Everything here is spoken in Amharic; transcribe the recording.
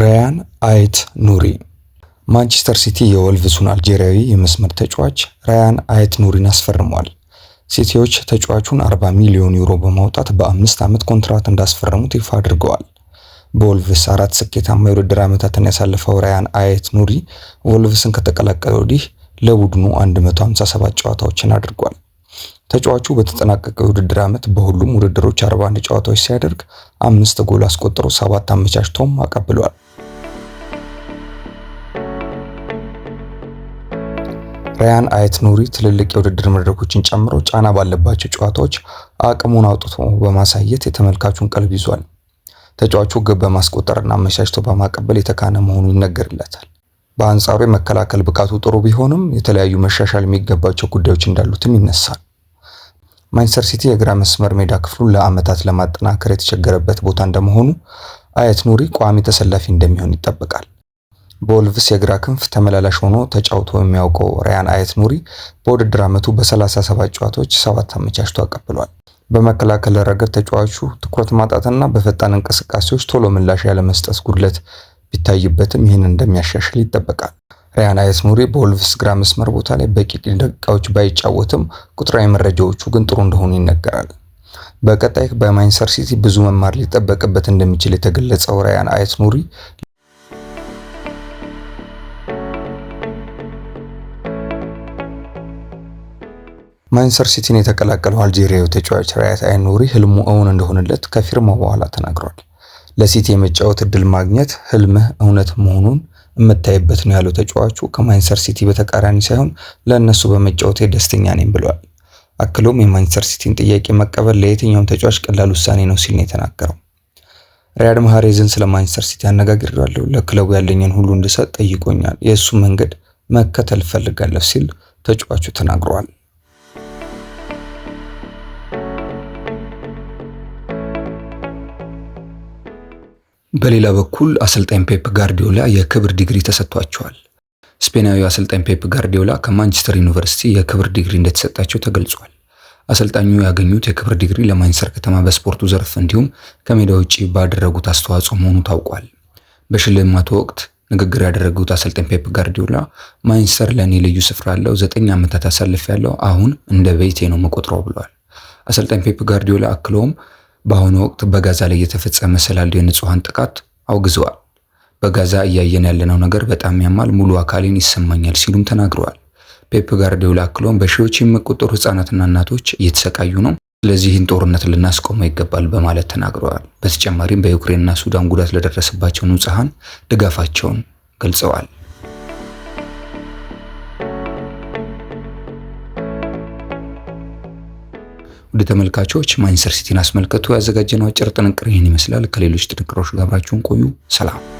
ራያን አይት ኑሪ ማንቸስተር ሲቲ የወልቭሱን አልጄሪያዊ የመስመር ተጫዋች ራያን አይት ኑሪን አስፈርሟል። ሲቲዎች ተጫዋቹን 40 ሚሊዮን ዩሮ በማውጣት በአምስት ዓመት ኮንትራት እንዳስፈረሙት ይፋ አድርገዋል። በወልቭስ አራት ስኬታማ የውድድር ዓመታትን ያሳለፈው ራያን አይት ኑሪ ወልቭስን ከተቀላቀለ ወዲህ ለቡድኑ 157 ጨዋታዎችን አድርጓል። ተጫዋቹ በተጠናቀቀው የውድድር ዓመት በሁሉም ውድድሮች 41 ጨዋታዎች ሲያደርግ አምስት ጎል አስቆጥሮ ሰባት አመቻችቶም አቀብሏል። ራያን አየት ኑሪ ትልልቅ የውድድር መድረኮችን ጨምሮ ጫና ባለባቸው ጨዋታዎች አቅሙን አውጥቶ በማሳየት የተመልካቹን ቀልብ ይዟል። ተጫዋቹ ግብ በማስቆጠርና አመቻችቶ በማቀበል የተካነ መሆኑ ይነገርለታል። በአንጻሩ የመከላከል ብቃቱ ጥሩ ቢሆንም የተለያዩ መሻሻል የሚገባቸው ጉዳዮች እንዳሉትም ይነሳል። ማንቸስተር ሲቲ የግራ መስመር ሜዳ ክፍሉን ለዓመታት ለማጠናከር የተቸገረበት ቦታ እንደመሆኑ አየት ኑሪ ቋሚ ተሰላፊ እንደሚሆን ይጠበቃል። በወልቭስ የግራ ክንፍ ተመላላሽ ሆኖ ተጫውቶ የሚያውቀው ራያን አየት ኑሪ በውድድር ዓመቱ በ37 ጨዋታዎች ሰባት አመቻችቶ አቀብሏል። በመከላከል ረገድ ተጫዋቹ ትኩረት ማጣትና በፈጣን እንቅስቃሴዎች ቶሎ ምላሽ ያለመስጠት ጉድለት ቢታይበትም ይህን እንደሚያሻሽል ይጠበቃል። ራያን አየት ኑሪ በወልቭስ ግራ መስመር ቦታ ላይ በቂ ደቂቃዎች ባይጫወትም ቁጥራዊ መረጃዎቹ ግን ጥሩ እንደሆኑ ይነገራል። በቀጣይ በማንቸስተር ሲቲ ብዙ መማር ሊጠበቅበት እንደሚችል የተገለጸው ራያን አየት ኑሪ ማንቸስተር ሲቲን የተቀላቀለው አልጄሪያዊ ተጫዋች ራያት አይኑሪ ህልሙ እውን እንደሆነለት ከፊርማው በኋላ ተናግሯል። ለሲቲ የመጫወት እድል ማግኘት ህልምህ እውነት መሆኑን የምታይበት ነው ያለው ተጫዋቹ ከማንቸስተር ሲቲ በተቃራኒ ሳይሆን ለእነሱ በመጫወት ደስተኛ ነኝ ብለዋል። አክሎም የማንቸስተር ሲቲን ጥያቄ መቀበል ለየትኛውም ተጫዋች ቀላል ውሳኔ ነው ሲል ነው የተናገረው። ሪያድ ማህሬዝን ስለ ማንቸስተር ሲቲ አነጋግሬዋለሁ። ለክለቡ ያለኝን ሁሉ እንድሰጥ ጠይቆኛል። የእሱ መንገድ መከተል እፈልጋለሁ ሲል ተጫዋቹ ተናግሯል። በሌላ በኩል አሰልጣኝ ፔፕ ጋርዲዮላ የክብር ዲግሪ ተሰጥቷቸዋል። ስፔናዊ አሰልጣኝ ፔፕ ጋርዲዮላ ከማንቸስተር ዩኒቨርሲቲ የክብር ዲግሪ እንደተሰጣቸው ተገልጿል። አሰልጣኙ ያገኙት የክብር ዲግሪ ለማንቸስተር ከተማ በስፖርቱ ዘርፍ እንዲሁም ከሜዳ ውጭ ባደረጉት አስተዋጽኦ መሆኑ ታውቋል። በሽልማቱ ወቅት ንግግር ያደረጉት አሰልጣኝ ፔፕ ጋርዲዮላ ማንቸስተር ለእኔ ልዩ ስፍራ ያለው ዘጠኝ ዓመታት አሳልፍ ያለው አሁን እንደ ቤቴ ነው መቆጥረው ብለዋል። አሰልጣኝ ፔፕ ጋርዲዮላ አክለውም በአሁኑ ወቅት በጋዛ ላይ እየተፈጸመ ስላለው የንጹሐን ጥቃት አውግዘዋል። በጋዛ እያየን ያለነው ነገር በጣም ያማል፣ ሙሉ አካሌን ይሰማኛል ሲሉም ተናግረዋል። ፔፕ ጋርዲዮላ አክሎም በሺዎች የሚቆጠሩ ህጻናትና እናቶች እየተሰቃዩ ነው፣ ስለዚህ ይህን ጦርነት ልናስቆመው ይገባል በማለት ተናግረዋል። በተጨማሪም በዩክሬንና ሱዳን ጉዳት ለደረሰባቸው ንጹሐን ድጋፋቸውን ገልጸዋል። ውድ ተመልካቾች ማንቸስተር ሲቲን አስመልክቶ ያዘጋጀነው አጭር ጥንቅር ይህን ይመስላል። ከሌሎች ጥንቅሮች ጋር አብራችሁን ቆዩ። ሰላም